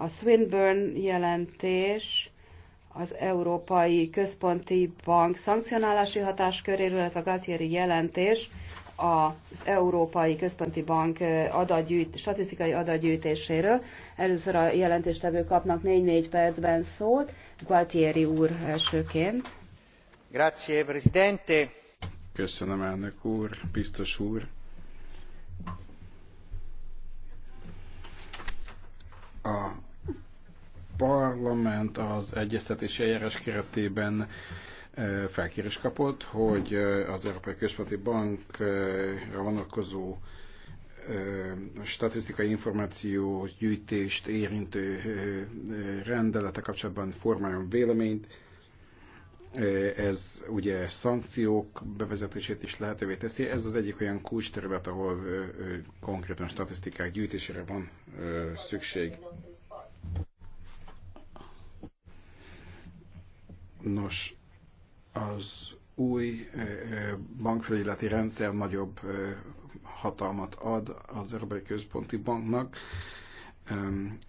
A Swinburne jelentés az Európai Központi Bank szankcionálási hatásköréről, illetve a Galtieri jelentés az Európai Központi Bank adatgyűjt, statisztikai adatgyűjtéséről. Először a jelentéstevő kapnak 4-4 percben szót, Galtieri úr elsőként. Grazie, Presidente. Köszönöm, elnök úr, biztos úr. parlament az egyeztetési eljárás keretében e, felkérés kapott, hogy e, az Európai Központi Bankra vonatkozó e, statisztikai információ gyűjtést érintő rendelete kapcsolatban formáljon véleményt. Ez ugye szankciók bevezetését is lehetővé teszi. Ez az egyik olyan kulcsterület, ahol konkrétan statisztikák gyűjtésére van szükség. Nos, az új bankfelületi rendszer nagyobb hatalmat ad az Európai Központi Banknak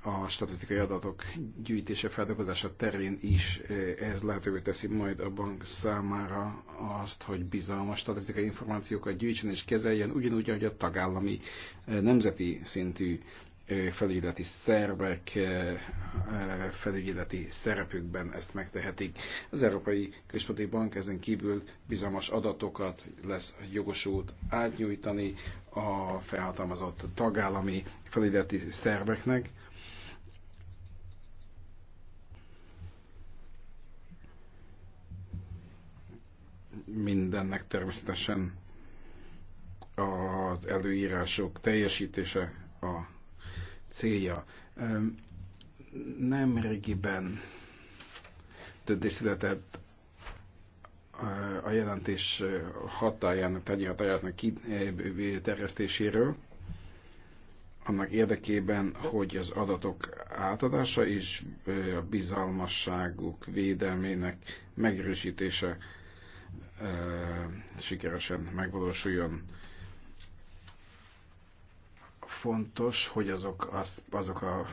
a statisztikai adatok gyűjtése, feldolgozása terén is ez lehetővé teszi majd a bank számára azt, hogy bizalmas statisztikai információkat gyűjtsen és kezeljen, ugyanúgy, ahogy a tagállami nemzeti szintű felügyeleti szervek felügyeleti szerepükben ezt megtehetik. Az Európai Központi Bank ezen kívül bizalmas adatokat lesz jogosult átnyújtani a felhatalmazott tagállami felügyeleti szerveknek, mindennek természetesen az előírások teljesítése a célja. Nem régiben többé született a jelentés hatájának, tárgyalatájának kiterjesztéséről, annak érdekében, hogy az adatok átadása és a bizalmasságuk védelmének megerősítése sikeresen megvalósuljon fontos, hogy azok, az, azok a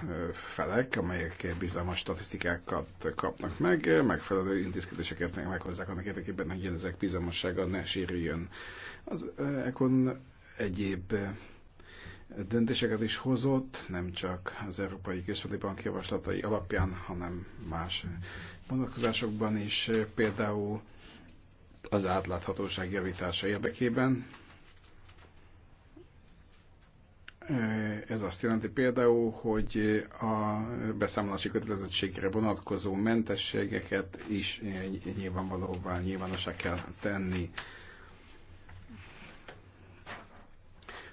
felek, amelyek bizalmas statisztikákat kapnak meg, megfelelő intézkedéseket meghozzák annak érdekében, hogy ezek bizalmassága ne sérüljön. Az Econ egyéb döntéseket is hozott, nem csak az Európai Központi Bank javaslatai alapján, hanem más vonatkozásokban is, például az átláthatóság javítása érdekében Eh, ez azt jelenti például, hogy a beszámolási kötelezettségre vonatkozó mentességeket is nyilvánvalóvá nyilvánosak kell tenni.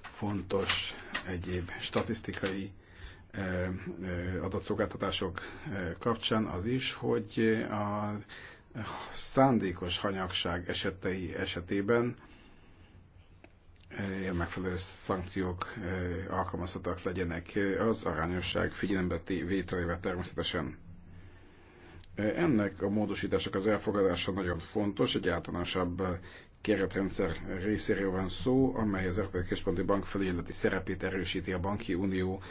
Fontos egyéb statisztikai eh, eh, adatszolgáltatások kapcsán az is, hogy a szándékos hanyagság esetei esetében megfelelő szankciók alkalmazhatóak legyenek az arányosság figyelembe vételével természetesen. Ennek a módosítások az elfogadása nagyon fontos, egy általánosabb keretrendszer részéről van szó, amely az Európai Központi Bank felügyeleti szerepét erősíti a banki unió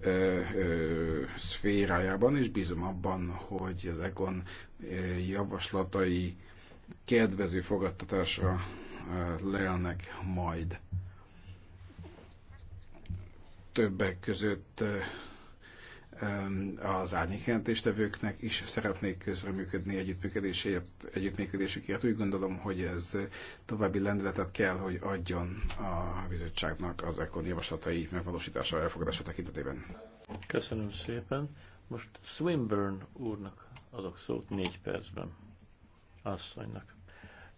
ö, ö, szférájában, és bízom abban, hogy az EGON javaslatai kedvező fogadtatásra lelnek majd. Többek között az árnyékjelentéstevőknek is szeretnék közreműködni együttműködésért, együttműködésükért. Úgy gondolom, hogy ez további lendületet kell, hogy adjon a bizottságnak az ekkor javaslatai megvalósítása, elfogadása tekintetében. Köszönöm szépen. Most Swinburne úrnak adok szót négy percben. Asszonynak.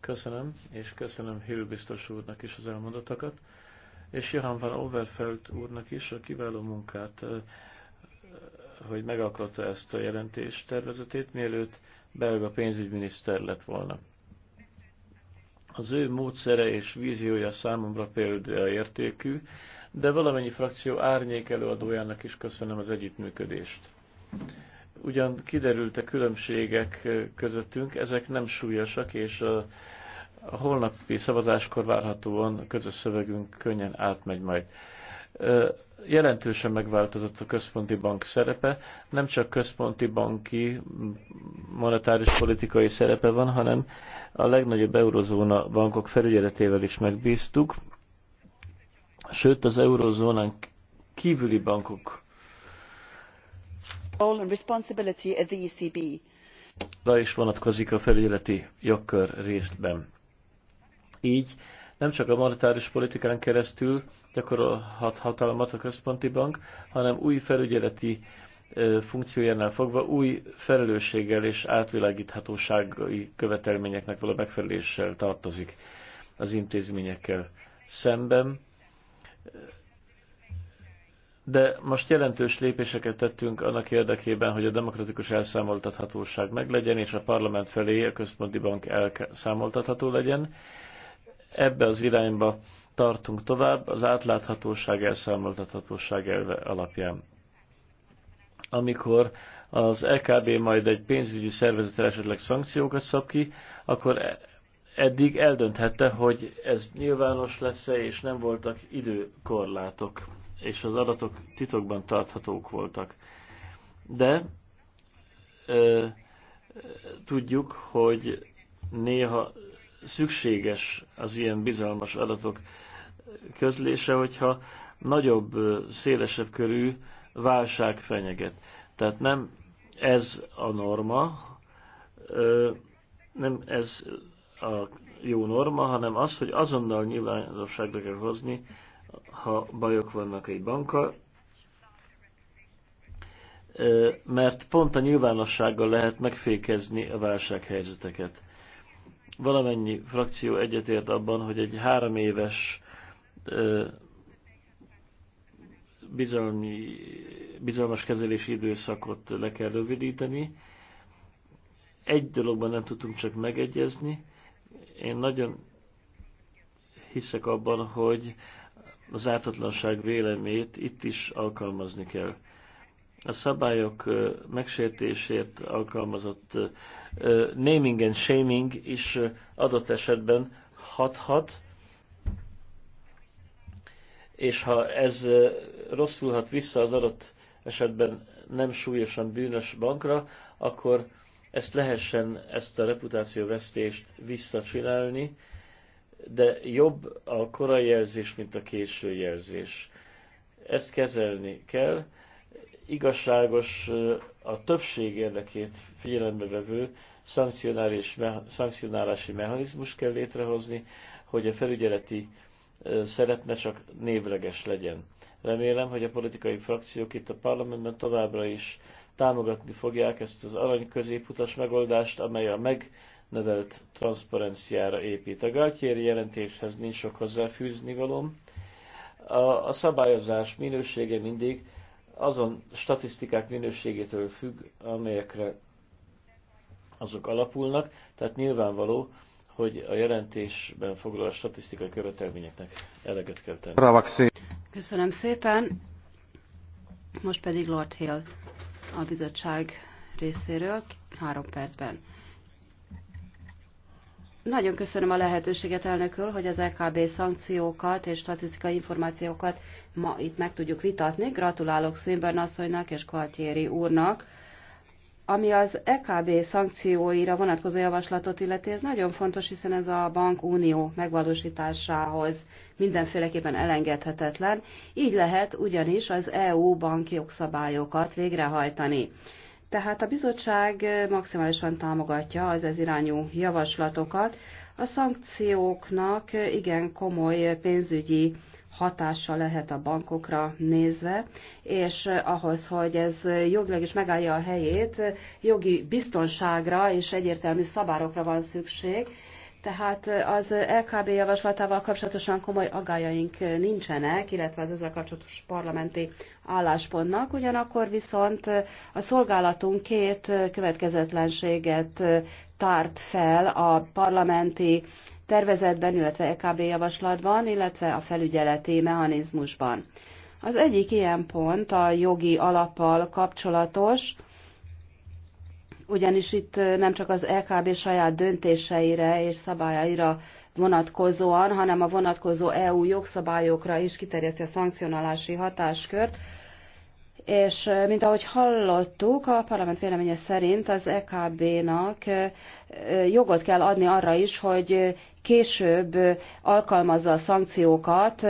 Köszönöm, és köszönöm Hill biztos úrnak is az elmondatokat, és Johan van Overfeld úrnak is a kiváló munkát, hogy megalkotta ezt a jelentést tervezetét, mielőtt belga pénzügyminiszter lett volna. Az ő módszere és víziója számomra értékű, de valamennyi frakció árnyék előadójának is köszönöm az együttműködést ugyan kiderültek különbségek közöttünk, ezek nem súlyosak, és a, a holnapi szavazáskor várhatóan a közös szövegünk könnyen átmegy majd. Jelentősen megváltozott a központi bank szerepe, nem csak központi banki monetáris politikai szerepe van, hanem a legnagyobb eurozóna bankok felügyeletével is megbíztuk, sőt az eurozónán kívüli bankok E is vonatkozik a felületi jogkör részben. Így nem csak a monetáris politikán keresztül gyakorolhat hatalmat a központi bank, hanem új felügyeleti funkciójánál fogva új felelősséggel és átvilágíthatósági követelményeknek való megfeleléssel tartozik az intézményekkel szemben de most jelentős lépéseket tettünk annak érdekében, hogy a demokratikus elszámoltathatóság meglegyen, és a parlament felé a központi bank elszámoltatható legyen. Ebbe az irányba tartunk tovább az átláthatóság elszámoltathatóság elve alapján. Amikor az EKB majd egy pénzügyi szervezetre esetleg szankciókat szab ki, akkor e- eddig eldönthette, hogy ez nyilvános lesz-e, és nem voltak időkorlátok és az adatok titokban tarthatók voltak. De ö, tudjuk, hogy néha szükséges az ilyen bizalmas adatok közlése, hogyha nagyobb, szélesebb körű válság fenyeget. Tehát nem ez a norma, nem ez a jó norma, hanem az, hogy azonnal nyilvánosságra kell hozni ha bajok vannak egy bankkal, mert pont a nyilvánossággal lehet megfékezni a válsághelyzeteket. Valamennyi frakció egyetért abban, hogy egy három éves bizalmi, bizalmas kezelési időszakot le kell rövidíteni. Egy dologban nem tudtunk csak megegyezni. Én nagyon hiszek abban, hogy az ártatlanság vélemét itt is alkalmazni kell. A szabályok megsértésért alkalmazott naming and shaming is adott esetben hathat, és ha ez rosszul hat vissza az adott esetben nem súlyosan bűnös bankra, akkor ezt lehessen ezt a reputációvesztést visszacsinálni, de jobb a korai jelzés, mint a késő jelzés. Ezt kezelni kell. Igazságos, a többség érdekét figyelembe vevő szankcionálási mechanizmus kell létrehozni, hogy a felügyeleti szerep ne csak névleges legyen. Remélem, hogy a politikai frakciók itt a parlamentben továbbra is támogatni fogják ezt az arany középutas megoldást, amely a meg növelt transzparenciára épít. A Galtieri jelentéshez nincs sok hozzáfűzni valóm. A, a szabályozás minősége mindig azon statisztikák minőségétől függ, amelyekre azok alapulnak, tehát nyilvánvaló, hogy a jelentésben foglalt statisztikai követelményeknek eleget kell tenni. Köszönöm szépen. Most pedig Lord Hill a bizottság részéről három percben. Nagyon köszönöm a lehetőséget, elnökül, hogy az LKB e szankciókat és statisztikai információkat ma itt meg tudjuk vitatni. Gratulálok Swinburne asszonynak és Kaltieri úrnak. Ami az EKB szankcióira vonatkozó javaslatot illeti, ez nagyon fontos, hiszen ez a bankunió megvalósításához mindenféleképpen elengedhetetlen. Így lehet ugyanis az EU banki jogszabályokat végrehajtani. Tehát a bizottság maximálisan támogatja az ez irányú javaslatokat. A szankcióknak igen komoly pénzügyi hatása lehet a bankokra nézve, és ahhoz, hogy ez jogleg is megállja a helyét, jogi biztonságra és egyértelmű szabárokra van szükség, tehát az LKB javaslatával kapcsolatosan komoly agályaink nincsenek, illetve az ezzel kapcsolatos parlamenti álláspontnak. Ugyanakkor viszont a szolgálatunk két következetlenséget tárt fel a parlamenti tervezetben, illetve EKB javaslatban, illetve a felügyeleti mechanizmusban. Az egyik ilyen pont a jogi alappal kapcsolatos, ugyanis itt nem csak az LKB saját döntéseire és szabályaira vonatkozóan, hanem a vonatkozó EU jogszabályokra is kiterjeszti a szankcionálási hatáskört, és mint ahogy hallottuk, a parlament véleménye szerint az EKB-nak jogot kell adni arra is, hogy később alkalmazza a szankciókat,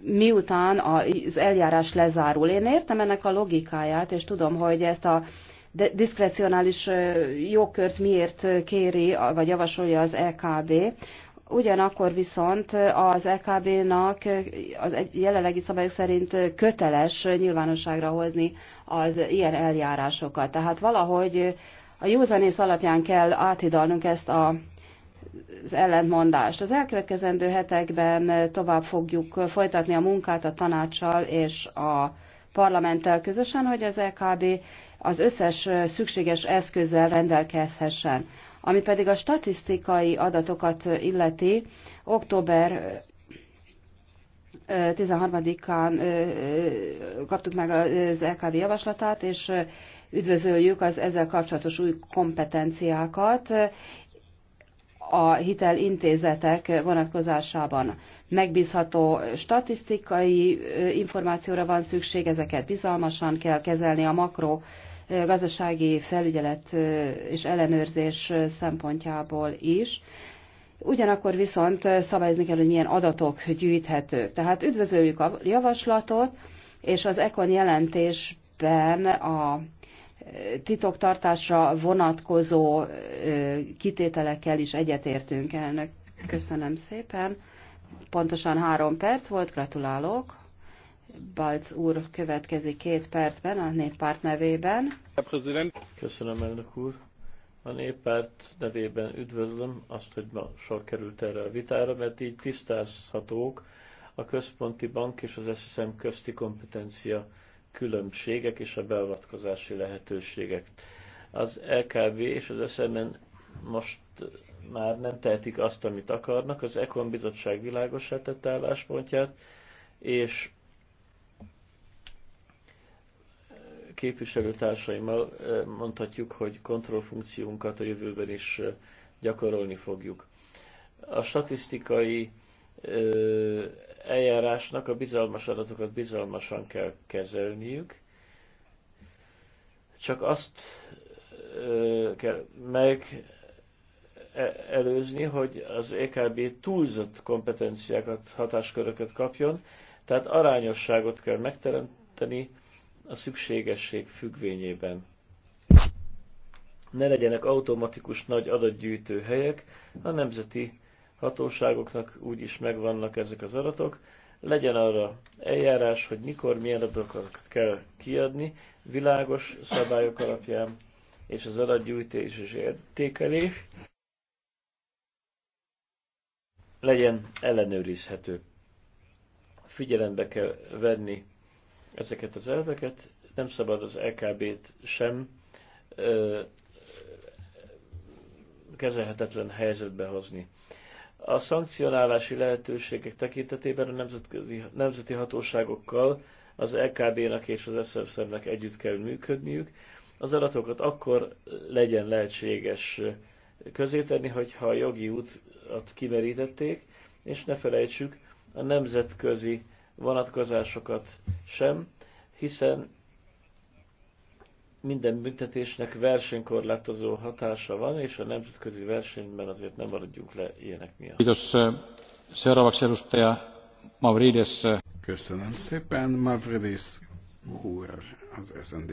miután az eljárás lezárul. Én értem ennek a logikáját, és tudom, hogy ezt a diszkrecionális jogkört miért kéri, vagy javasolja az EKB. Ugyanakkor viszont az EKB-nak az jelenlegi szabályok szerint köteles nyilvánosságra hozni az ilyen eljárásokat. Tehát valahogy a józanész alapján kell áthidalnunk ezt a az ellentmondást. Az elkövetkezendő hetekben tovább fogjuk folytatni a munkát a tanácssal és a parlamenttel közösen, hogy az EKB az összes szükséges eszközzel rendelkezhessen. Ami pedig a statisztikai adatokat illeti, október 13-án kaptuk meg az LKB javaslatát, és üdvözöljük az ezzel kapcsolatos új kompetenciákat a hitelintézetek vonatkozásában. Megbízható statisztikai információra van szükség, ezeket bizalmasan kell kezelni a makro gazdasági felügyelet és ellenőrzés szempontjából is. Ugyanakkor viszont szabályozni kell, hogy milyen adatok gyűjthetők. Tehát üdvözöljük a javaslatot, és az ECON jelentésben a titoktartásra vonatkozó kitételekkel is egyetértünk elnök. Köszönöm szépen. Pontosan három perc volt, gratulálok. Balc úr következik két percben a néppárt nevében. Köszönöm, elnök úr. A néppárt nevében üdvözlöm azt, hogy ma sor került erre a vitára, mert így tisztázhatók a központi bank és az SSM közti kompetencia különbségek és a beavatkozási lehetőségek. Az LKB és az SMN most már nem tehetik azt, amit akarnak. Az Ekon bizottság világosá tett álláspontját, és képviselőtársaimmal mondhatjuk, hogy kontrollfunkciónkat a jövőben is gyakorolni fogjuk. A statisztikai eljárásnak a bizalmas adatokat bizalmasan kell kezelniük, csak azt kell e, előzni, hogy az EKB túlzott kompetenciákat, hatásköröket kapjon, tehát arányosságot kell megteremteni, a szükségesség függvényében. Ne legyenek automatikus nagy adatgyűjtő helyek, a nemzeti hatóságoknak úgyis megvannak ezek az adatok, legyen arra eljárás, hogy mikor milyen adatokat kell kiadni, világos szabályok alapján, és az adatgyűjtés és értékelés legyen ellenőrizhető. Figyelembe kell venni ezeket az elveket, nem szabad az LKB-t sem ö, kezelhetetlen helyzetbe hozni. A szankcionálási lehetőségek tekintetében a nemzetközi, nemzeti hatóságokkal az LKB-nak és az szfsz nek együtt kell működniük. Az adatokat akkor legyen lehetséges közéteni, hogyha a jogi útat kimerítették, és ne felejtsük a nemzetközi vonatkozásokat sem, hiszen minden büntetésnek versenykorlátozó hatása van, és a nemzetközi versenyben azért nem maradjunk le ilyenek miatt. Eh, eh. Köszönöm szépen, Mavridis úr az SND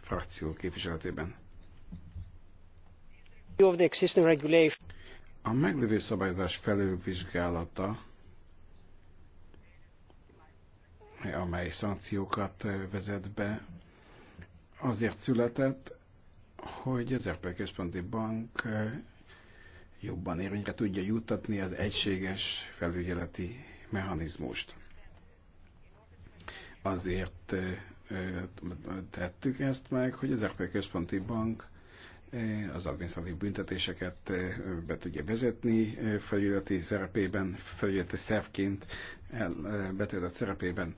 frakció képviseletében. A meglévő szabályzás felülvizsgálata amely szankciókat vezet be, azért született, hogy az Európai Központi Bank jobban érvényre tudja juttatni az egységes felügyeleti mechanizmust. Azért tettük ezt meg, hogy az Európai Központi Bank az adminisztratív büntetéseket be tudja vezetni felügyeleti szerepében, felügyeleti szervként betöltött szerepében.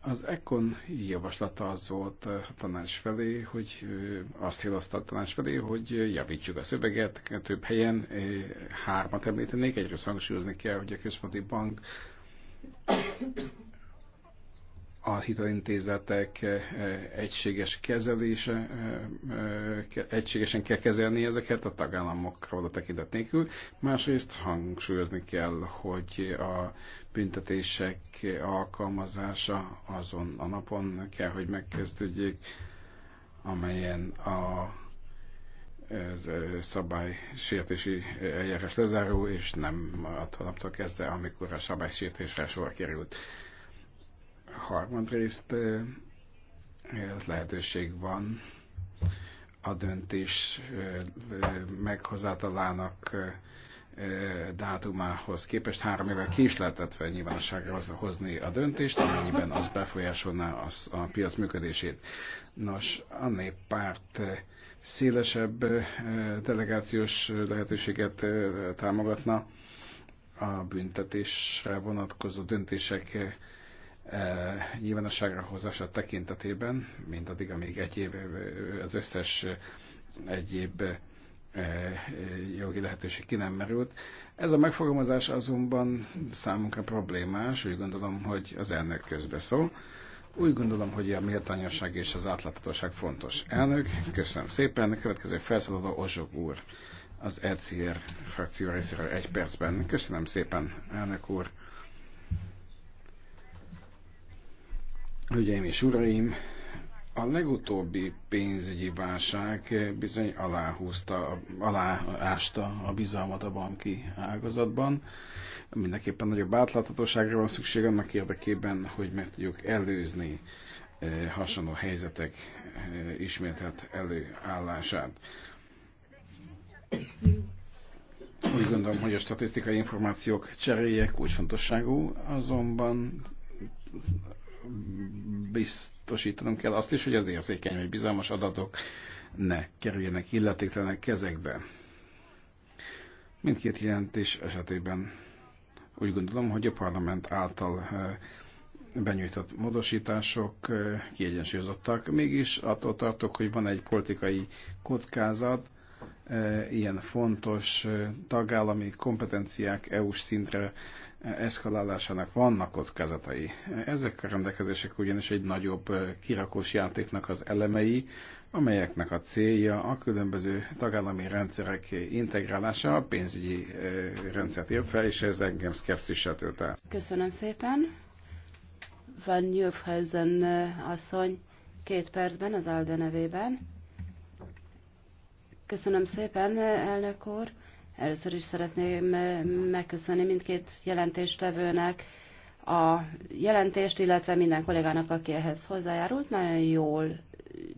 Az ECON javaslata az volt a tanács felé, hogy azt hívta a tanács felé, hogy javítsuk a szöveget több helyen, hármat említenék, egyrészt hangsúlyozni kell, hogy a központi bank a hitelintézetek eh, egységes kezelése, eh, eh, egységesen kell kezelni ezeket a tagállamokra oda tekintet nélkül. Másrészt hangsúlyozni kell, hogy a büntetések alkalmazása azon a napon kell, hogy megkezdődjék, amelyen a ez szabálysértési eljárás lezáró, és nem a naptól kezdve, amikor a szabálysértésre sor került. Harmadrészt lehetőség van a döntés meghozatalának dátumához képest három évvel késletetve nyilvánosságra hozni a döntést, amennyiben az befolyásolná az a piac működését. Nos, a néppárt szélesebb delegációs lehetőséget támogatna a büntetésre vonatkozó döntések E, nyilvánosságra hozása tekintetében, mint addig, amíg egyéb, az összes egyéb e, e, jogi lehetőség ki nem merült. Ez a megfogalmazás azonban számunkra problémás, úgy gondolom, hogy az elnök közbeszól. Úgy gondolom, hogy a méltányosság és az átláthatóság fontos. Elnök, köszönöm szépen. A következő felszólaló Ozsog úr, az ECR frakció részéről egy percben. Köszönöm szépen, elnök úr. Hölgyeim és uraim, a legutóbbi pénzügyi válság bizony aláhúzta, aláásta a bizalmat a banki ágazatban. Mindenképpen nagyobb átláthatóságra van szükség annak érdekében, hogy meg tudjuk előzni eh, hasonló helyzetek eh, ismételt előállását. Úgy gondolom, hogy a statisztikai információk cseréje kulcsfontosságú, azonban biztosítanunk kell azt is, hogy az érzékeny vagy bizalmas adatok ne kerüljenek illetéktelenek kezekbe. Mindkét jelentés esetében úgy gondolom, hogy a parlament által eh, benyújtott módosítások eh, kiegyensúlyozottak. Mégis attól tartok, hogy van egy politikai kockázat, eh, ilyen fontos tagállami kompetenciák EU-s szintre eszkalálásának vannak kockázatai. Ezek a rendelkezések ugyanis egy nagyobb kirakós játéknak az elemei, amelyeknek a célja a különböző tagállami rendszerek integrálása a pénzügyi rendszert fel, és ez engem szkepszissel tölt el. Köszönöm szépen. Van Jövhausen asszony két percben az Alde nevében. Köszönöm szépen, elnök úr. Először is szeretném eh, megköszönni mindkét jelentéstevőnek a jelentést, illetve minden kollégának, aki ehhez hozzájárult, nagyon jól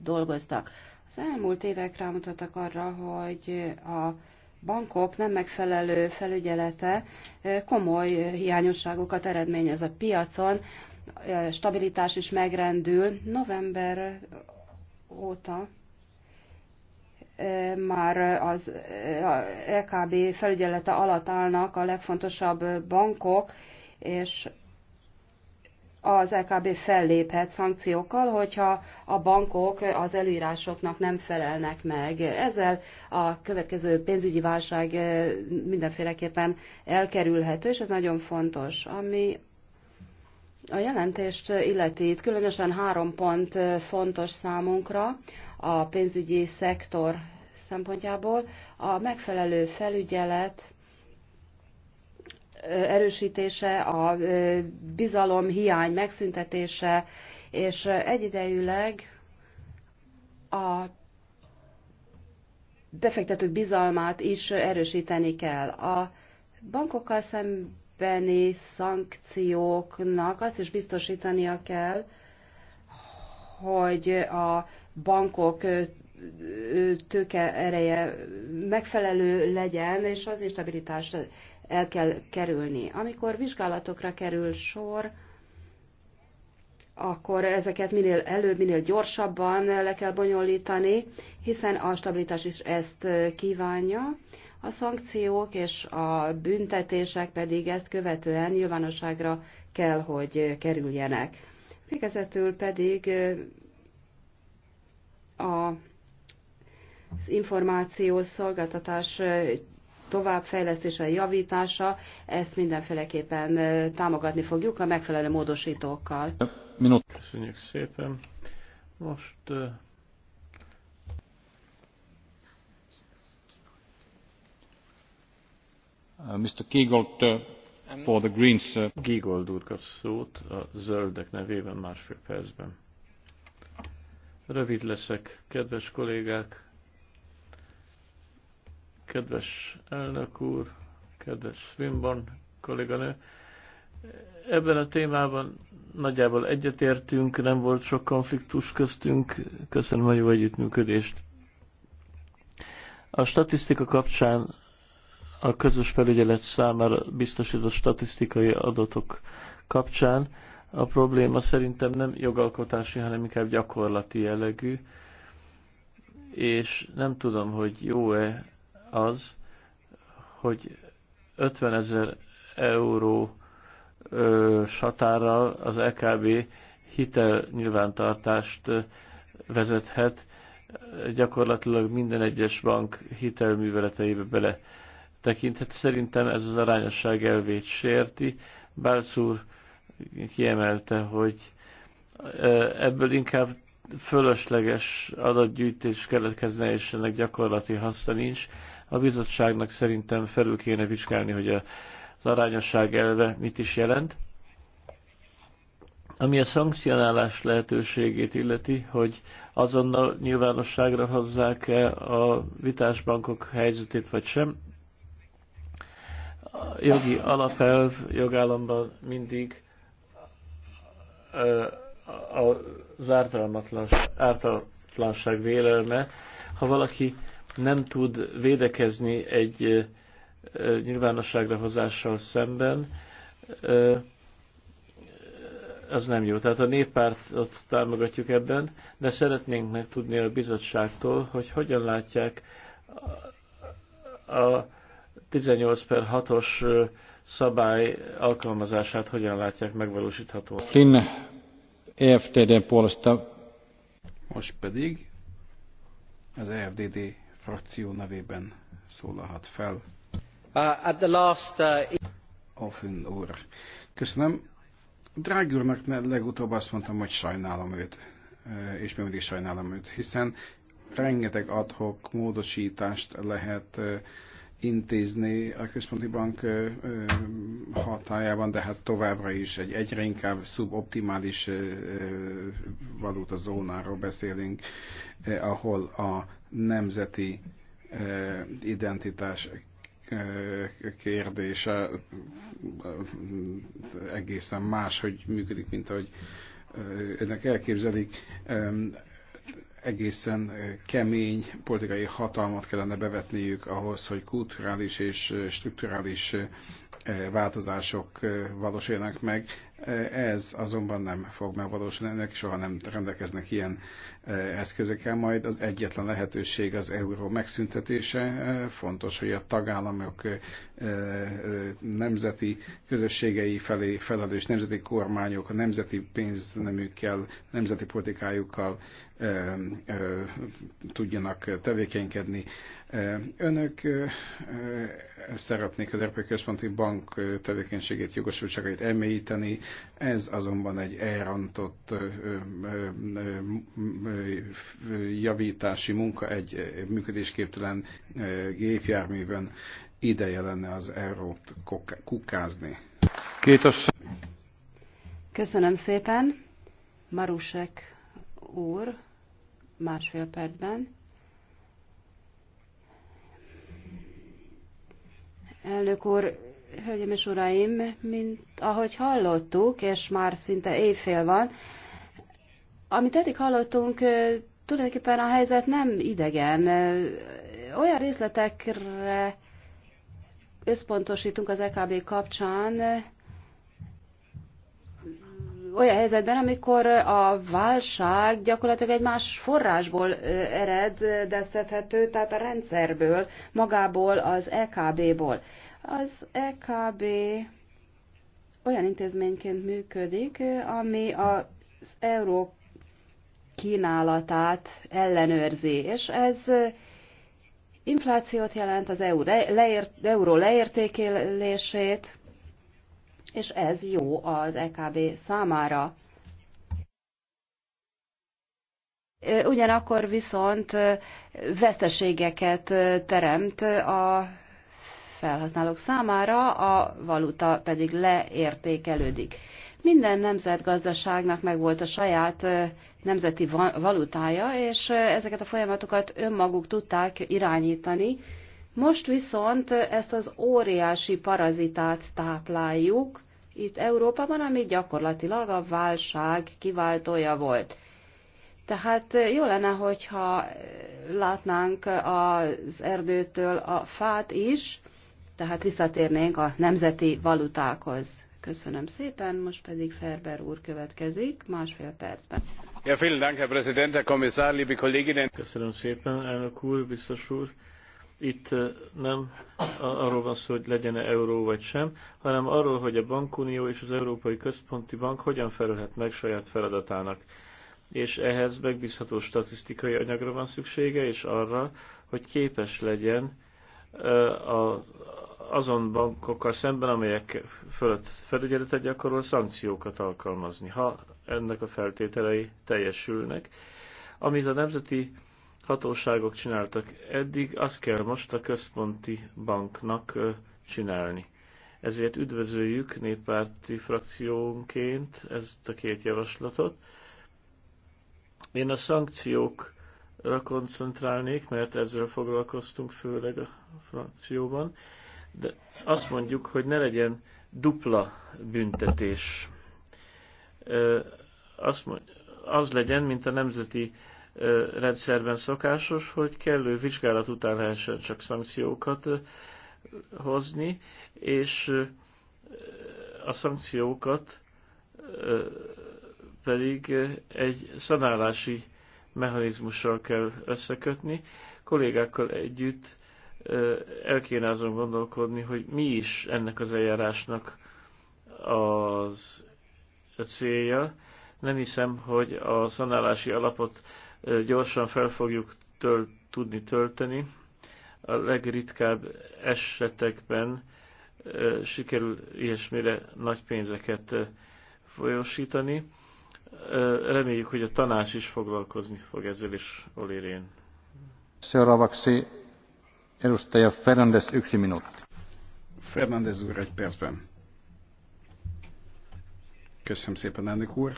dolgoztak. Az elmúlt évek rámutattak arra, hogy a bankok nem megfelelő felügyelete eh, komoly hiányosságokat eredményez a piacon, eh, stabilitás is megrendül. November óta már az LKB felügyelete alatt állnak a legfontosabb bankok, és az LKB felléphet szankciókkal, hogyha a bankok az előírásoknak nem felelnek meg. Ezzel a következő pénzügyi válság mindenféleképpen elkerülhető, és ez nagyon fontos. Ami a jelentést illeti, itt különösen három pont fontos számunkra a pénzügyi szektor szempontjából. A megfelelő felügyelet erősítése, a bizalom hiány megszüntetése, és egyidejűleg a befektetők bizalmát is erősíteni kell. A bankokkal szembeni szankcióknak azt is biztosítania kell, hogy a bankok tőke ereje megfelelő legyen, és az instabilitást el kell kerülni. Amikor vizsgálatokra kerül sor, akkor ezeket minél előbb, minél gyorsabban le kell bonyolítani, hiszen a stabilitás is ezt kívánja, a szankciók és a büntetések pedig ezt követően nyilvánosságra kell, hogy kerüljenek. Végezetül pedig a, az információs szolgáltatás továbbfejlesztése, javítása, ezt mindenféleképpen támogatni fogjuk a megfelelő módosítókkal. Minut. Köszönjük szépen. Most uh... Mr. Giegold uh, for the Greens. Uh... Giegold úr kap szót a zöldek nevében másfél percben. Rövid leszek, kedves kollégák, kedves elnök úr, kedves Swinburne kolléganő. Ebben a témában nagyjából egyetértünk, nem volt sok konfliktus köztünk. Köszönöm a jó együttműködést. A statisztika kapcsán a közös felügyelet számára biztosított statisztikai adatok kapcsán a probléma szerintem nem jogalkotási, hanem inkább gyakorlati jellegű, és nem tudom, hogy jó-e az, hogy 50 ezer euró satárral az EKB hitel nyilvántartást vezethet, gyakorlatilag minden egyes bank hitelműveleteibe bele tekinthet. Szerintem ez az arányosság elvét sérti. Bálc úr kiemelte, hogy ebből inkább fölösleges adatgyűjtés keletkezne, és ennek gyakorlati haszna nincs. A bizottságnak szerintem felül kéne vizsgálni, hogy az arányosság elve mit is jelent. Ami a szankcionálás lehetőségét illeti, hogy azonnal nyilvánosságra hozzák-e a vitásbankok helyzetét vagy sem. A jogi alapelv jogállamban mindig az ártalmatlanság vélelme, ha valaki nem tud védekezni egy nyilvánosságra hozással szemben, az nem jó. Tehát a néppártot támogatjuk ebben, de szeretnénk megtudni a bizottságtól, hogy hogyan látják a 18 per 6-os szabály alkalmazását hogyan látják megvalósítható. Flynn EFTD puolesta. Most pedig az EFDD frakció nevében szólalhat fel. Uh, at the last, uh... Ofin úr. Köszönöm. Drági úrnak legutóbb azt mondtam, hogy sajnálom őt, uh, és még mindig sajnálom őt, hiszen rengeteg adhok módosítást lehet uh, intézni a központi bank hatájában, de hát továbbra is egy egyre inkább szuboptimális valuta zónáról beszélünk, ahol a nemzeti identitás kérdése egészen más, hogy működik, mint ahogy ennek elképzelik egészen kemény politikai hatalmat kellene bevetniük ahhoz, hogy kulturális és strukturális változások valósuljanak meg. Ez azonban nem fog megvalósulni, ennek soha nem rendelkeznek ilyen E, eszközökkel, majd az egyetlen lehetőség az euró megszüntetése. E, fontos, hogy a tagállamok e, nemzeti közösségei felé felelős nemzeti kormányok, a nemzeti pénznemükkel, nemzeti politikájukkal tudjanak tevékenykedni. Önök szeretnék az Európai Központi Bank tevékenységét, jogosultságait emélyíteni, ez azonban egy elrontott javítási munka egy működésképtelen gépjárművön ideje lenne az eurót kukázni. Kétos. Köszönöm szépen. Marusek úr, másfél percben. Elnök úr, hölgyeim és uraim, mint ahogy hallottuk, és már szinte éjfél van, amit eddig hallottunk, tulajdonképpen a helyzet nem idegen. Olyan részletekre összpontosítunk az EKB kapcsán, olyan helyzetben, amikor a válság gyakorlatilag egy más forrásból ered, deztethető, tehát a rendszerből, magából, az EKB-ból. Az EKB olyan intézményként működik, ami az Európa kínálatát ellenőrzi, és ez inflációt jelent az EU leért, euró leértékelését, és ez jó az EKB számára. Ugyanakkor viszont veszteségeket teremt a felhasználók számára, a valuta pedig leértékelődik. Minden nemzetgazdaságnak megvolt a saját nemzeti valutája, és ezeket a folyamatokat önmaguk tudták irányítani. Most viszont ezt az óriási parazitát tápláljuk itt Európában, ami gyakorlatilag a válság kiváltója volt. Tehát jó lenne, hogyha látnánk az erdőtől a fát is, tehát visszatérnénk a nemzeti valutákhoz. Köszönöm szépen, most pedig Ferber úr következik, másfél percben. Ja, vielen Dank, Herr Präsident, Herr Kommissar, liebe Kolleginnen. Köszönöm szépen, elnök úr, biztos úr. Itt eh, nem arról van szó, hogy legyen-e euró vagy sem, hanem arról, hogy a bankunió és az Európai Központi Bank hogyan felelhet meg saját feladatának. És ehhez megbízható statisztikai anyagra van szüksége, és arra, hogy képes legyen eh, a, azon bankokkal szemben, amelyek fölött felügyeletet gyakorol, szankciókat alkalmazni, ha ennek a feltételei teljesülnek. Amit a nemzeti hatóságok csináltak eddig, azt kell most a központi banknak csinálni. Ezért üdvözöljük néppárti frakciónként ezt a két javaslatot. Én a szankciókra koncentrálnék, mert ezzel foglalkoztunk főleg a frakcióban de azt mondjuk, hogy ne legyen dupla büntetés. Azt mond, az legyen, mint a nemzeti rendszerben szokásos, hogy kellő vizsgálat után lehessen csak szankciókat hozni, és a szankciókat pedig egy szanálási mechanizmussal kell összekötni. Kollégákkal együtt el kéne azon gondolkodni, hogy mi is ennek az eljárásnak az a célja. Nem hiszem, hogy a szanálási alapot gyorsan fel fogjuk töl, tudni tölteni. A legritkább esetekben sikerül ilyesmire nagy pénzeket folyosítani. Reméljük, hogy a tanács is foglalkozni fog ezzel is, Olirén. Szia, Erosztaja Fernández, üksi minut. Fernández úr, egy percben. Köszönöm szépen, elnök úr.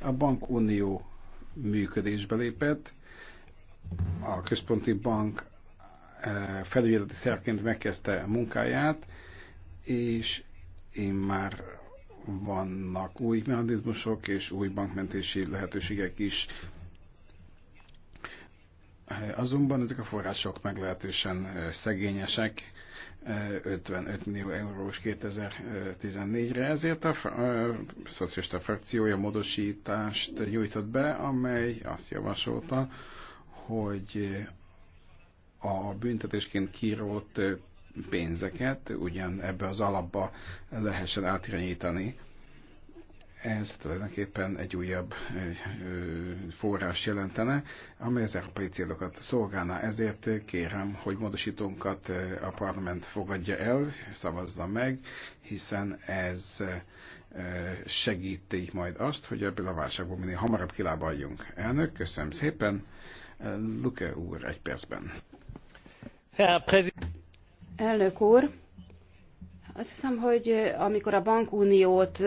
A bankunió működésbe lépett. A központi bank eh, felügyeleti szerként megkezdte munkáját, és én már vannak új mechanizmusok és új bankmentési lehetőségek is Azonban ezek a források meglehetősen szegényesek, 55 millió eurós 2014-re, ezért a, a szocialista frakciója módosítást nyújtott be, amely azt javasolta, hogy a büntetésként kírót pénzeket ugyan ebbe az alapba lehessen átirányítani ez tulajdonképpen egy újabb forrás jelentene, amely az európai célokat szolgálná. Ezért kérem, hogy módosítónkat a parlament fogadja el, szavazza meg, hiszen ez segíti majd azt, hogy ebből a válságból minél hamarabb kilábaljunk. Elnök, köszönöm szépen. Luke úr, egy percben. Elnök úr, azt hiszem, hogy amikor a bankuniót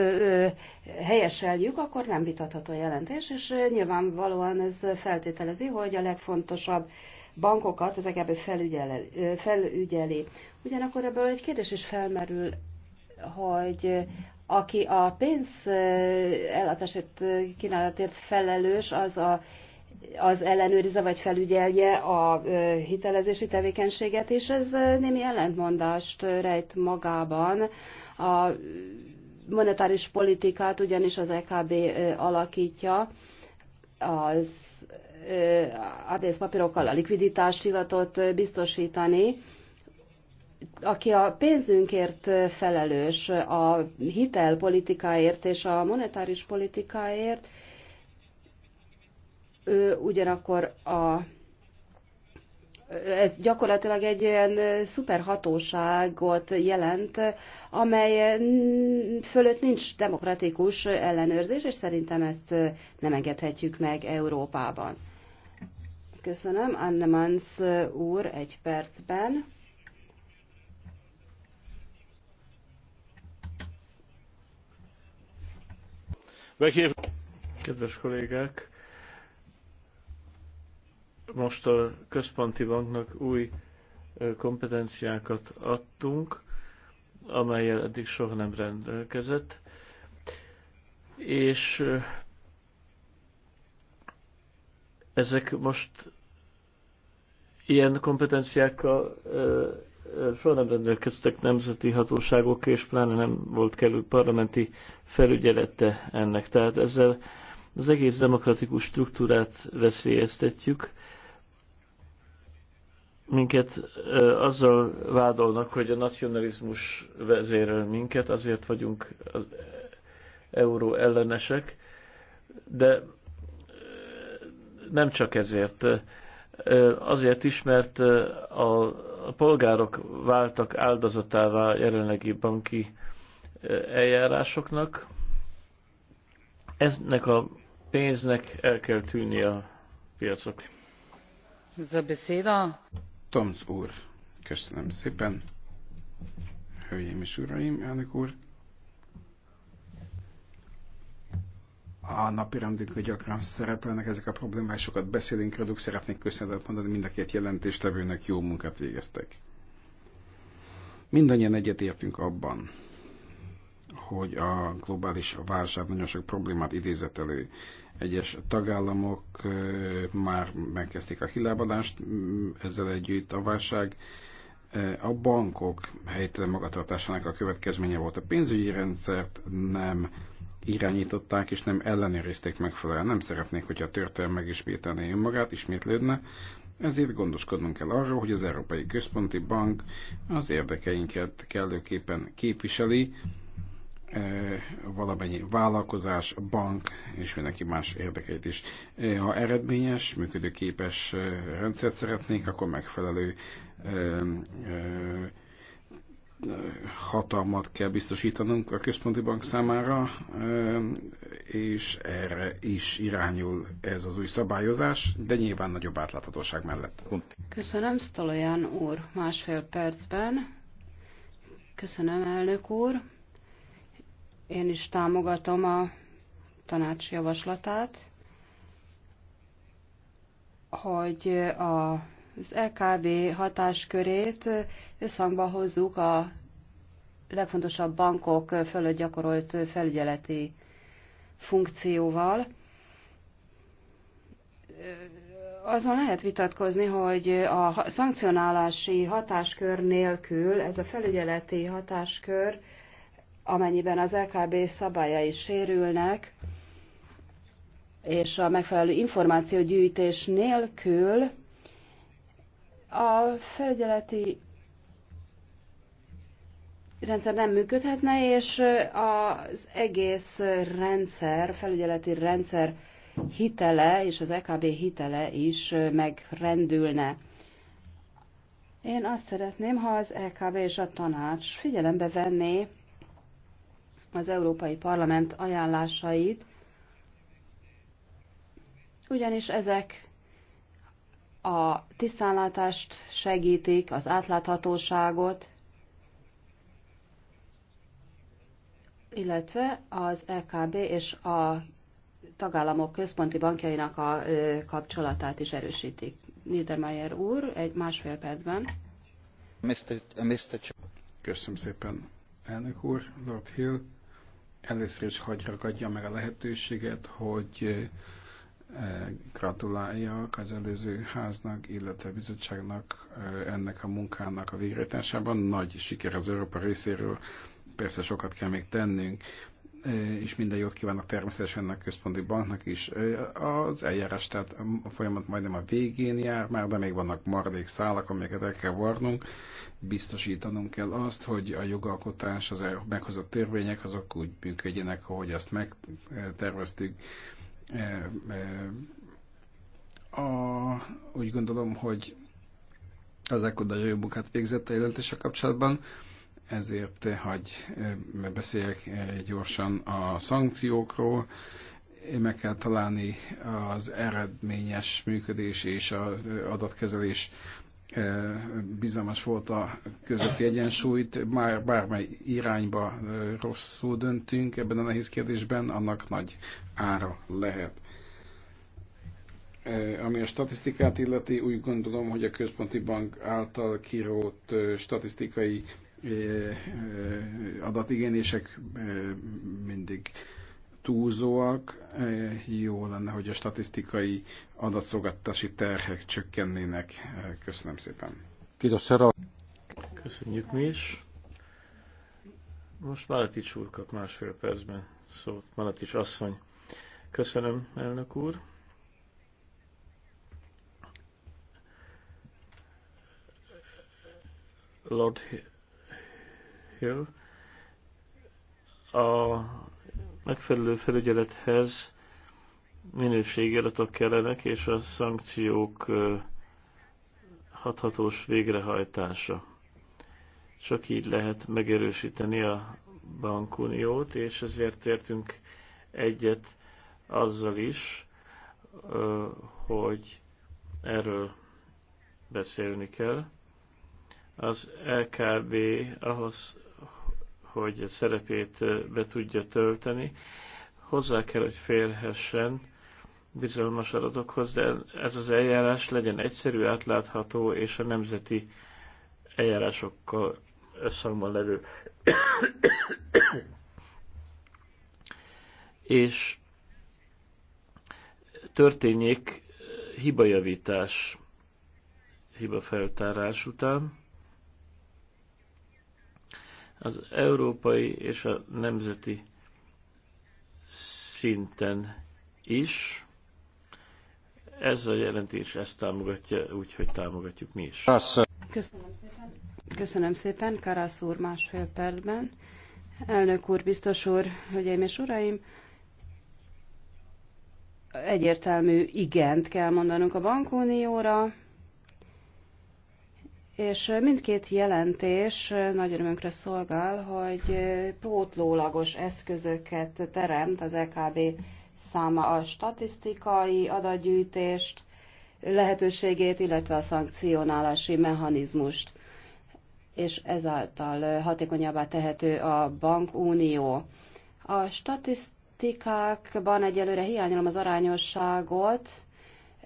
helyeseljük, akkor nem vitatható jelentés, és nyilvánvalóan ez feltételezi, hogy a legfontosabb bankokat ezek ebből felügyeli. Ugyanakkor ebből egy kérdés is felmerül, hogy aki a pénz ellátásért kínálatért felelős, az a az ellenőrizze vagy felügyelje a hitelezési tevékenységet, és ez némi ellentmondást rejt magában. A monetáris politikát ugyanis az EKB alakítja, az ABS papírokkal a likviditást hivatott biztosítani, aki a pénzünkért felelős, a hitelpolitikáért és a monetáris politikáért, ugyanakkor a ez gyakorlatilag egy olyan szuperhatóságot jelent, amely fölött nincs demokratikus ellenőrzés, és szerintem ezt nem engedhetjük meg Európában. Köszönöm. Anne Mans, úr egy percben. Kedves kollégák, most a központi banknak új kompetenciákat adtunk, amelyel eddig soha nem rendelkezett, és ezek most ilyen kompetenciákkal soha nem rendelkeztek nemzeti hatóságok, és pláne nem volt kellő parlamenti felügyelete ennek. Tehát ezzel az egész demokratikus struktúrát veszélyeztetjük, minket ö, azzal vádolnak, hogy a nacionalizmus vezérel minket, azért vagyunk az euró ellenesek, de nem csak ezért. Azért is, mert a, a polgárok váltak áldozatává jelenlegi banki eljárásoknak. Eznek a pénznek el kell tűnni a piacok. Za a Tomz úr, köszönöm szépen. Hölgyeim és uraim, elnök úr. A napi rendünkön gyakran szerepelnek ezek a problémák, sokat beszélünk róluk, szeretnék köszönetet mondani mind a két jelentéstevőnek, jó munkát végeztek. Mindannyian egyetértünk abban, hogy a globális válság nagyon sok problémát idézett elő. Egyes tagállamok már megkezdték a hilábadást, ezzel együtt a válság a bankok helytelen magatartásának a következménye volt. A pénzügyi rendszert nem irányították és nem ellenőrizték megfelelően. Nem szeretnék, hogy a történelem megismételné önmagát, ismétlődne, ezért gondoskodnunk kell arról, hogy az Európai Központi Bank az érdekeinket kellőképpen képviseli, Eh, valamennyi vállalkozás, bank és mindenki más érdekeit is. Eh, ha eredményes, működőképes eh, rendszert szeretnénk, akkor megfelelő hatalmat kell biztosítanunk a központi bank számára, és erre is irányul ez az új szabályozás, de nyilván nagyobb átláthatóság mellett. Köszönöm, Stolojan úr, másfél percben. Köszönöm, elnök úr. Én is támogatom a tanács javaslatát, hogy az LKB hatáskörét összhangba hozzuk a legfontosabb bankok fölött gyakorolt felügyeleti funkcióval. Azon lehet vitatkozni, hogy a szankcionálási hatáskör nélkül ez a felügyeleti hatáskör amennyiben az LKB szabályai sérülnek, és a megfelelő információgyűjtés nélkül a felügyeleti rendszer nem működhetne, és az egész rendszer, felügyeleti rendszer hitele és az EKB hitele is megrendülne. Én azt szeretném, ha az EKB és a tanács figyelembe venné az Európai Parlament ajánlásait, ugyanis ezek a tisztánlátást segítik, az átláthatóságot, illetve az EKB és a tagállamok központi bankjainak a kapcsolatát is erősítik. Niedermayer úr, egy másfél percben. Mr. Mr. Köszönöm szépen, elnök úr, Lord Hill. Először is hagy ragadja meg a lehetőséget, hogy eh, gratuláljak az előző háznak, illetve a bizottságnak eh, ennek a munkának a végrejtásában. Nagy siker az Európa részéről, persze sokat kell még tennünk, Eh, és minden jót kívánok természetesen a központi banknak is. Eh, az eljárás, tehát a folyamat majdnem a végén jár már, de még vannak maradék szálak, amiket el kell varnunk. Biztosítanunk kell azt, hogy a jogalkotás, az meghozott törvények azok úgy működjenek, ahogy azt megterveztük. Eh, a, úgy gondolom, hogy az Ekoda jó munkát végzett a jelentése kapcsolatban ezért eh, hagy eh, beszéljek eh, gyorsan a szankciókról. Meg kell találni az eredményes működés és az adatkezelés bizalmas volt a közötti egyensúlyt, már bármely irányba rosszul döntünk ebben a nehéz kérdésben, annak nagy ára lehet. Ami a statisztikát illeti, úgy gondolom, hogy a központi bank által kirót statisztikai adatigénések mindig túlzóak. Jó lenne, hogy a statisztikai adatszolgáltatási terhek csökkennének. Köszönöm szépen. Köszönjük mi is. Most Maletics úr kap másfél percben szót. Maletics asszony. Köszönöm, elnök úr. Lord kell. A megfelelő felügyelethez minőségi adatok kellenek, és a szankciók hathatós végrehajtása. Csak így lehet megerősíteni a bankuniót, és ezért értünk egyet azzal is, hogy erről beszélni kell. Az LKB ahhoz hogy szerepét be tudja tölteni. Hozzá kell, hogy férhessen bizalmas adatokhoz, de ez az eljárás legyen egyszerű, átlátható és a nemzeti eljárásokkal összhangban levő. és történjék hibajavítás, hibafeltárás után, az európai és a nemzeti szinten is. Ez a jelentés ezt támogatja, úgyhogy támogatjuk mi is. Köszönöm szépen. Köszönöm szépen, Karasz úr másfél percben. Elnök úr, biztos úr, hölgyeim és uraim, egyértelmű igent kell mondanunk a bankunióra, és mindkét jelentés nagy örömünkre szolgál, hogy pótlólagos eszközöket teremt az EKB száma a statisztikai adatgyűjtést, lehetőségét, illetve a szankcionálási mechanizmust, és ezáltal hatékonyabbá tehető a bankunió. A statisztikákban egyelőre hiányolom az arányosságot,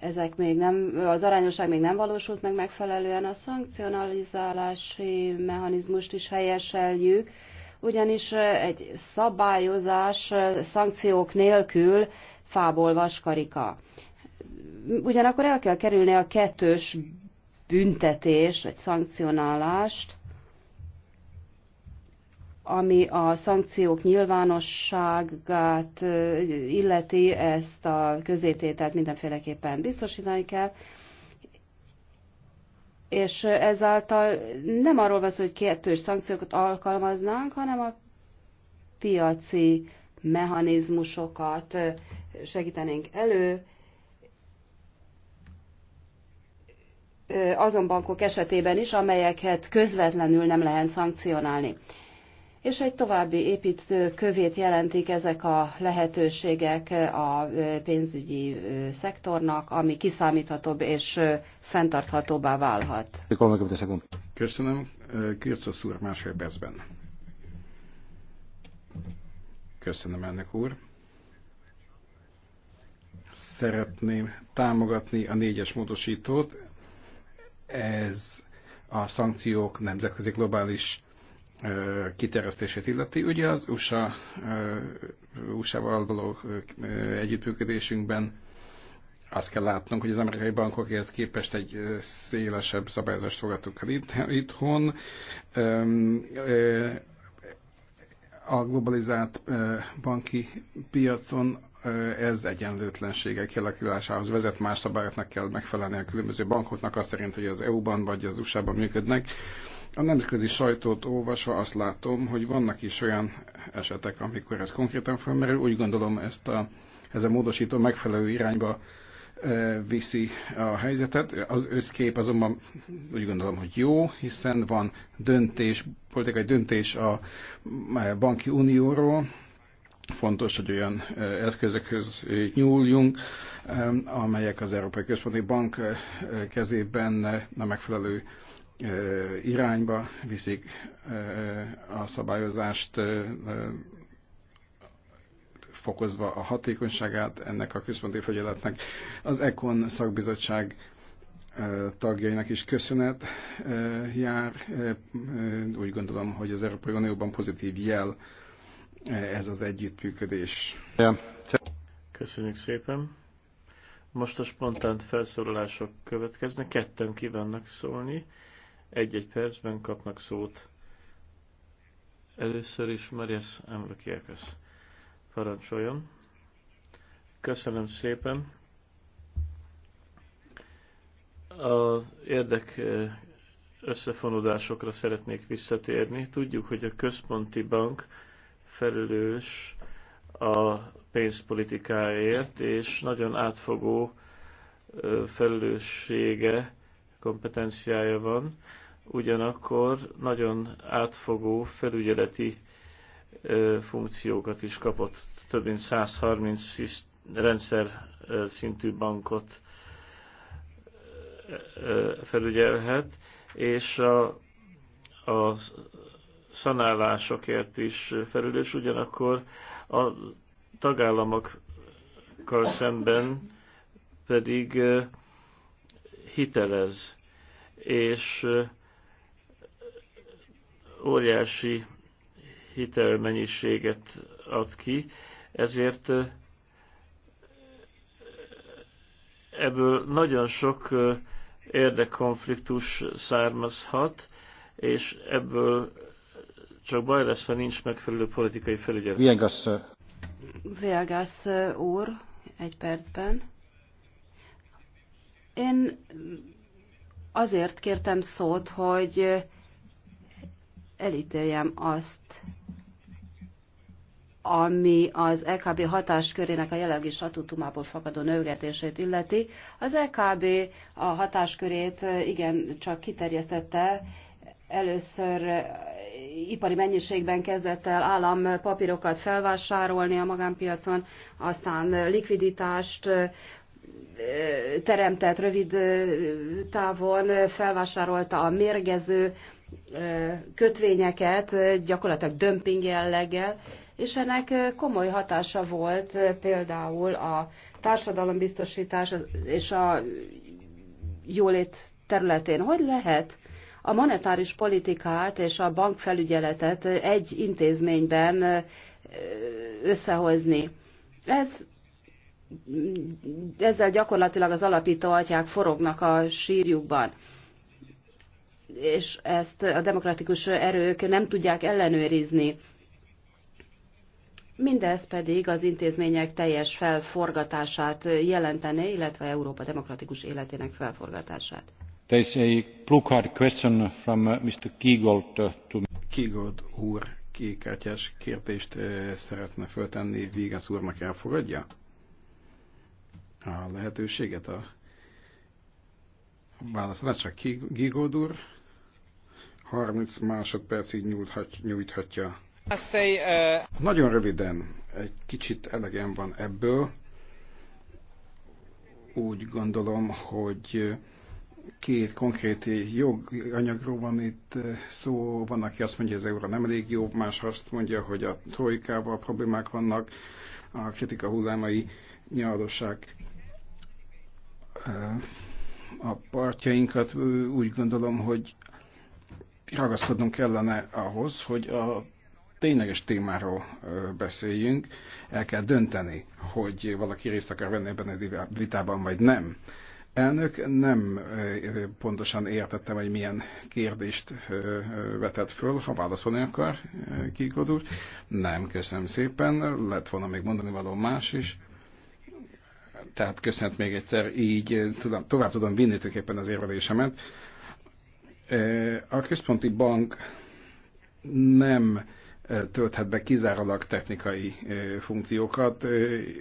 ezek még nem, az arányosság még nem valósult meg megfelelően, a szankcionalizálási mechanizmust is helyeseljük, ugyanis egy szabályozás szankciók nélkül fából vaskarika. Ugyanakkor el kell kerülni a kettős büntetés, vagy szankcionálást, ami a szankciók nyilvánosságát illeti, ezt a közététet mindenféleképpen biztosítani kell. És ezáltal nem arról van szó, hogy kettős szankciókat alkalmaznánk, hanem a piaci mechanizmusokat segítenénk elő, azon bankok esetében is, amelyeket közvetlenül nem lehet szankcionálni és egy további kövét jelentik ezek a lehetőségek a pénzügyi szektornak, ami kiszámíthatóbb és fenntarthatóbbá válhat. Köszönöm. Kircosz úr másfél percben. Köszönöm ennek úr. Szeretném támogatni a négyes módosítót. Ez a szankciók nemzetközi globális kiterjesztését illeti. Ugye az USA, USA-val való együttműködésünkben azt kell látnunk, hogy az amerikai bankok ehhez képest egy szélesebb szabályozást fogadtuk el itt, itthon. A globalizált banki piacon ez egyenlőtlenségek kialakulásához vezet, más szabályoknak kell megfelelni a különböző bankoknak, azt szerint, hogy az EU-ban vagy az USA-ban működnek a nemzetközi sajtót olvasva azt látom, hogy vannak is olyan esetek, amikor ez konkrétan felmerül. Úgy gondolom, ezt a, ez a módosító megfelelő irányba e, viszi a helyzetet. Az összkép azonban úgy gondolom, hogy jó, hiszen van döntés, politikai döntés a e, banki unióról, fontos, hogy olyan e, eszközökhöz nyúljunk, amelyek az Európai Központi Bank kezében a megfelelő irányba viszik a szabályozást, fokozva a hatékonyságát ennek a központi fegyeletnek. Az ECON szakbizottság tagjainak is köszönet jár. Úgy gondolom, hogy az Európai Unióban pozitív jel ez az együttműködés. Köszönjük szépen. Most a spontán felszólalások következnek, ketten kívánnak szólni. Egy-egy percben kapnak szót. Először is Marias Emlökiekes Parancsoljon. Köszönöm szépen. Az érdek eh, összefonódásokra szeretnék visszatérni. Tudjuk, hogy a központi bank felelős a pénzpolitikáért, és nagyon átfogó eh, felelőssége kompetenciája van, ugyanakkor nagyon átfogó felügyeleti funkciókat is kapott. Több mint 130 rendszer szintű bankot felügyelhet, és a, a szanálásokért is felülős, ugyanakkor a tagállamokkal szemben pedig hitelez és óriási hitelmennyiséget ad ki, ezért ebből nagyon sok érdekkonfliktus származhat, és ebből csak baj lesz, ha nincs megfelelő politikai felügyelet. Viegas. úr, egy percben. Én azért kértem szót, hogy elítéljem azt, ami az EKB hatáskörének a jelenlegi statutumából fakadó növgetését illeti. Az EKB a hatáskörét igen csak kiterjesztette, először eh, ipari mennyiségben kezdett el állampapírokat felvásárolni a magánpiacon, aztán likviditást, teremtett rövid távon, felvásárolta a mérgező kötvényeket, gyakorlatilag dömping jelleggel, és ennek komoly hatása volt például a társadalombiztosítás és a jólét területén. Hogy lehet a monetáris politikát és a bankfelügyeletet egy intézményben összehozni? Ez ezzel gyakorlatilag az alapító atyák forognak a sírjukban. És ezt a demokratikus erők nem tudják ellenőrizni. Mindez pedig az intézmények teljes felforgatását jelentene, illetve Európa demokratikus életének felforgatását. There a blue card question from uh, Mr. Kigold uh, to... úr kékkártyás kérdést uh, szeretne föltenni, Vigas úrnak elfogadja? a lehetőséget a válaszra. Csak Gigodur 30 másodpercig nyújthat, nyújthatja. Uh, Nagyon röviden, egy kicsit elegem van ebből. Úgy gondolom, hogy két konkrét joganyagról van itt uh, szó. Van, aki azt mondja, hogy az euró nem elég jó, más azt mondja, hogy a trojkával problémák vannak, a kritika hullámai nyaralosság a partjainkat, úgy gondolom, hogy ragaszkodnunk kellene ahhoz, hogy a tényleges témáról beszéljünk, el kell dönteni, hogy valaki részt akar venni ebben a vitában, vagy nem. Elnök, nem pontosan értettem, hogy milyen kérdést vetett föl, ha válaszolni akar, Kiklod Nem, köszönöm szépen, lett volna még mondani való más is tehát köszönt még egyszer, így eh, tudom, tovább tudom vinni tulajdonképpen az érvelésemet. Eh, a központi bank nem eh, tölthet be kizárólag technikai funkciókat,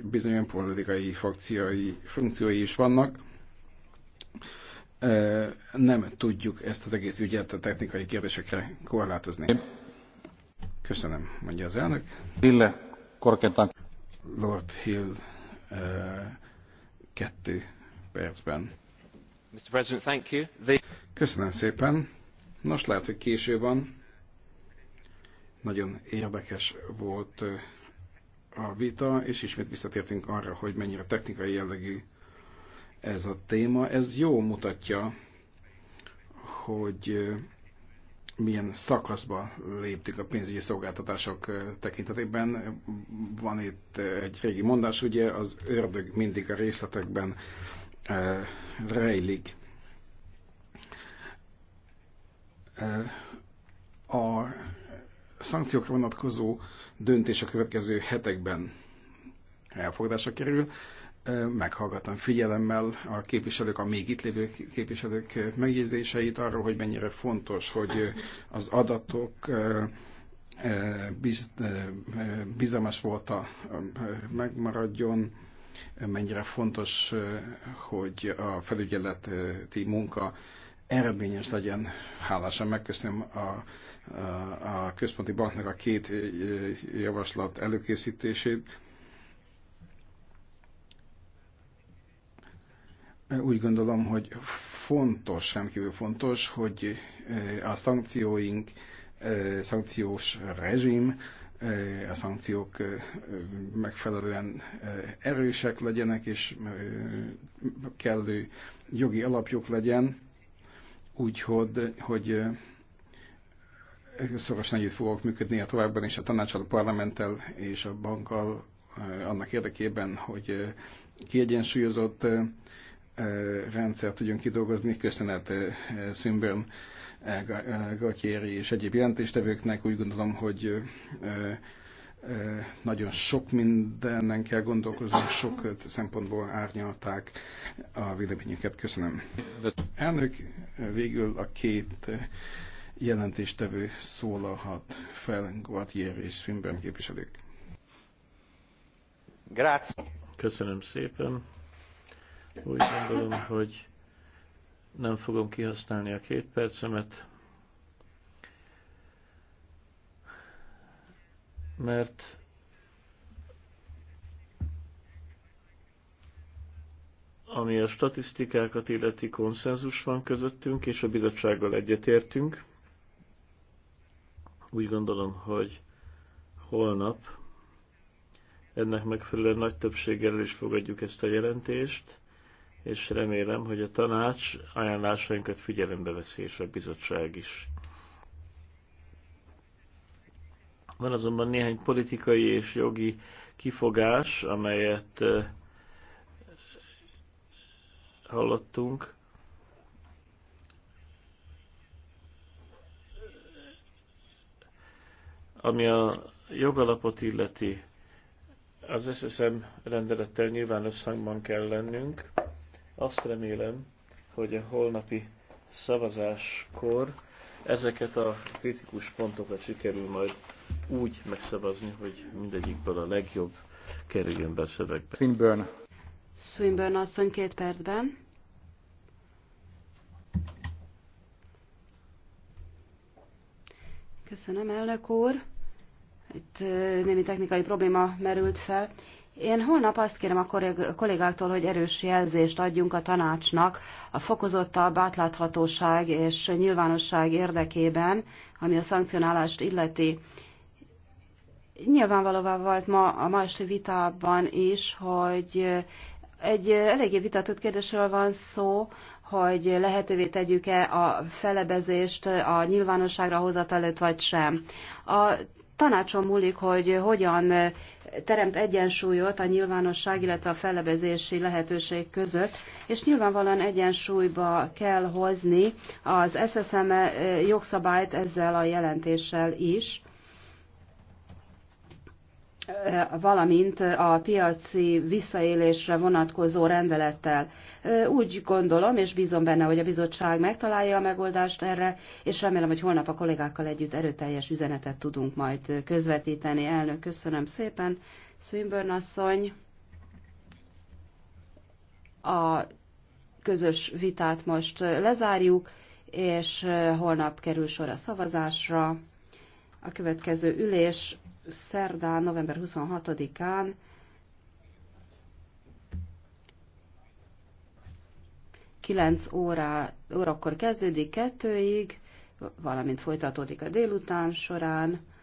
bizony politikai funkciói, funkciói is vannak. Nem tudjuk ezt az egész ügyet a technikai kérdésekre korlátozni. Köszönöm, mondja az elnök. Lord Hill kettő percben. Mr. President, thank you. The... Köszönöm szépen. Nos, lehet, hogy késő van. Nagyon érdekes volt a vita, és ismét visszatértünk arra, hogy mennyire technikai jellegű ez a téma. Ez jó mutatja, hogy milyen szakaszba léptük a pénzügyi szolgáltatások tekintetében. Van itt egy régi mondás, ugye az ördög mindig a részletekben rejlik. A szankciókra vonatkozó döntés a következő hetekben elfogadásra kerül meghallgattam figyelemmel a képviselők, a még itt lévő képviselők megjegyzéseit arról, hogy mennyire fontos, hogy az adatok bizalmas volt a megmaradjon, mennyire fontos, hogy a felügyeleti munka eredményes legyen. Hálásan megköszönöm a, a, a központi banknak a két javaslat előkészítését Úgy gondolom, hogy fontos, nem kívül fontos, hogy eh, a szankcióink, eh, szankciós rezsim, eh, a szankciók megfelelően erősek legyenek, és kellő jogi alapjuk legyen, úgyhogy hogy szorosan együtt fogok működni a továbbban is a tanácsal, a parlamenttel és a bankkal annak érdekében, hogy kiegyensúlyozott rendszer tudjon kidolgozni. Köszönet Swinburne, Gatieri és egyéb jelentéstevőknek. Úgy gondolom, hogy nagyon sok mindenen kell gondolkozni sok szempontból árnyalták a véleményüket. Köszönöm. Elnök, végül a két jelentéstevő szólalhat fel, Guatieri és Swinburne képviselők. Grazie. Köszönöm szépen. Úgy gondolom, hogy nem fogom kihasználni a két percemet, mert ami a statisztikákat illeti konszenzus van közöttünk, és a bizottsággal egyetértünk. Úgy gondolom, hogy holnap ennek megfelelően nagy többséggel is fogadjuk ezt a jelentést és remélem, hogy a tanács ajánlásainkat figyelembe veszi, és a bizottság is. Van azonban néhány politikai és jogi kifogás, amelyet eh, hallottunk. Ami a jogalapot illeti, az SSM rendelettel nyilván összhangban kell lennünk. Azt remélem, hogy a holnapi szavazáskor ezeket a kritikus pontokat sikerül majd úgy megszavazni, hogy mindegyikből a legjobb kerüljön be a szövegbe. Swinburne. Swinburne asszony két percben. Köszönöm, elnök úr. Itt némi technikai probléma merült fel. Én holnap azt kérem a kollégáktól, hogy erős jelzést adjunk a tanácsnak a fokozottabb átláthatóság és nyilvánosság érdekében, ami a szankcionálást illeti. Nyilvánvalóvá volt ma a ma esti vitában is, hogy egy eléggé vitatott kérdésről van szó, hogy lehetővé tegyük-e a felebezést a nyilvánosságra hozat előtt, vagy sem. A tanácsom múlik, hogy hogyan eh, teremt egyensúlyot a nyilvánosság, illetve a fellebezési lehetőség között, és nyilvánvalóan egyensúlyba kell hozni az SSM eh, jogszabályt ezzel a jelentéssel is valamint a piaci visszaélésre vonatkozó rendelettel. Úgy gondolom, és bízom benne, hogy a bizottság megtalálja a megoldást erre, és remélem, hogy holnap a kollégákkal együtt erőteljes üzenetet tudunk majd közvetíteni. Elnök, köszönöm szépen. Swinburne asszony, a közös vitát most lezárjuk, és holnap kerül sor a szavazásra. A következő ülés szerdán, november 26-án kilenc órá, órakor kezdődik kettőig, valamint folytatódik a délután során.